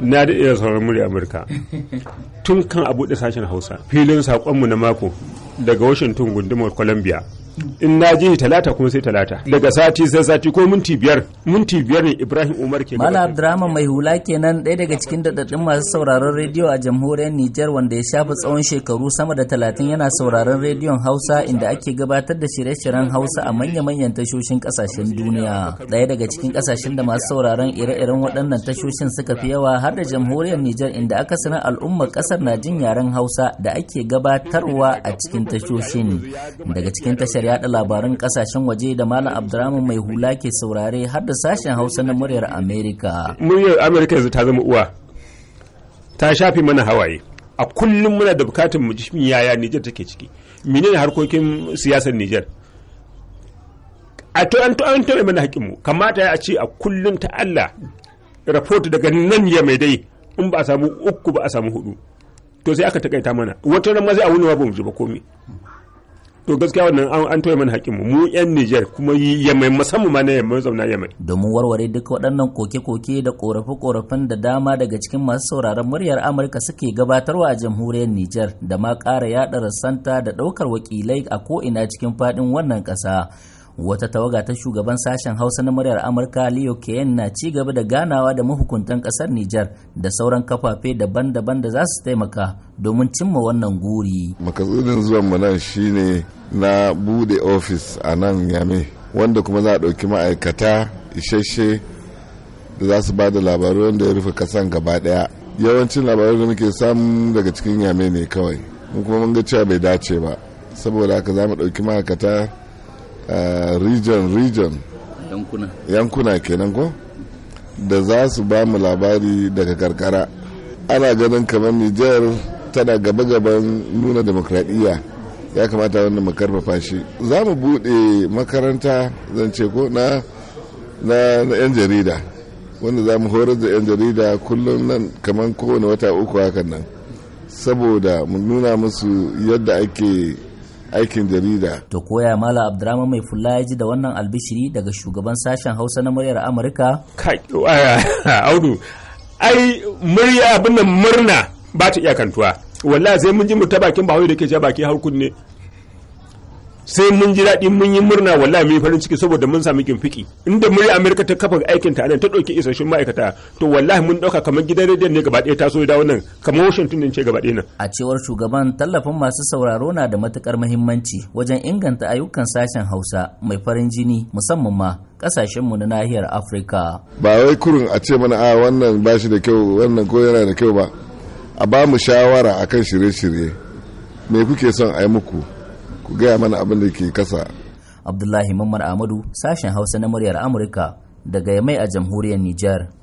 na da iya sauran murya amurka tun kan abu da sashen hausa filin saƙonmu na mako daga washington gundumar columbia in na ji talata kuma sai talata daga sati sai sati ko minti biyar minti biyar ne ibrahim umar ke mana drama mai hula kenan ɗaya daga cikin daɗaɗɗun masu sauraron rediyo a jamhuriyar nijar wanda ya shafi tsawon shekaru sama da talatin yana sauraron rediyon hausa inda ake gabatar da shirye-shiryen hausa a manya-manyan tashoshin ƙasashen duniya ɗaya daga cikin ƙasashen da masu sauraron ire-iren waɗannan tashoshin suka fi yawa har da jamhuriyar nijar inda aka sanar al'ummar ƙasar na jin yaren hausa da ake gabatarwa a cikin tashoshin daga cikin tashar yada labaran kasashen waje da Malam Abdurrahman mai hula ke saurare har da sashen Hausa na muryar Amerika. Muryar Amerika yanzu ta zama uwa. Ta shafi mana hawaye. A kullum muna da bukatun mu jishin yaya Niger take ciki. Menene harkokin siyasar Niger? A to an to an to mana mu Kamata ya ce a kullum ta Allah report daga nan ya mai dai in ba a samu uku ba a samu hudu. To sai aka takaita mana. Wata ran ma sai a wuni ba mu ji ba komai. to gaskiya wannan an toye mana hakkin mu yan Niger kuma yamai musamman ma na yamai zauna yamai domin warware duk waɗannan koke-koke da korafe-korafen da dama daga cikin masu sauraron muryar Amurka suke gabatarwa a jamhuriyar Niger da ma ƙara yaɗa rassanta da ɗaukar wakilai a ko ina cikin faɗin wannan ƙasa wata tawaga ta shugaban sashen hausa na muryar amurka leo keyen na ci gaba da ganawa da mahukuntan kasar nijar da sauran kafafe daban-daban da za su taimaka domin cimma wannan guri makasudin zuwan mu nan shine na bude ofis a nan yame wanda kuma za a ɗauki ma'aikata isasshe da za su ba da labaru wanda ya rufe kasan gaba daya yawancin labarai da muke samu daga cikin yame ne kawai kuma mun ga cewa bai dace ba saboda haka za mu ɗauki ma'aikata Eh, region region yankuna kenan ko da za su ba mu labari daga karkara ana ganin kamar niger tana gaba-gaban nuna demokradiyya ya kamata wanda mu karfafa shi za mu bude makaranta zance ko na na 'yan jarida wanda za mu horar da 'yan jarida kullum nan kamar kowane wata uku hakan nan saboda mu nuna musu yadda ake aikin jarida. To koya Mala Abdurrahman mai fulla ya ji da wannan albishiri daga shugaban sashen Hausa na muryar Amurka? Kai, ah, Audu, ai murya abin murna ba ta kantuwa. Wallahi sai mun ji mu ta bakin bawai da ke ja baki har kunne. sai mun ji daɗi mun yi murna wallahi mun yi farin ciki saboda mun sami kimfiki inda mun yi amerika ta kafa aikin ta ta ɗauki isasshen ma'aikata to wallahi mun ɗauka kamar gidan rediyon ne gaba ɗaya ta so dawo nan kamar washington din ce gaba ɗaya nan a cewar shugaban tallafin masu sauraro na da matukar muhimmanci wajen inganta ayyukan sashen hausa mai farin jini musamman ma ƙasashenmu na nahiyar afirka ba wai kurun a ce mana a wannan ba shi da kyau wannan ko yana da kyau ba a ba mu shawara akan shirye-shirye me kuke son a yi muku ku gaya mana abin da ke kasa abdullahi mamman ahmadu sashen hausa na muryar amurka daga mai a jamhuriyar nijar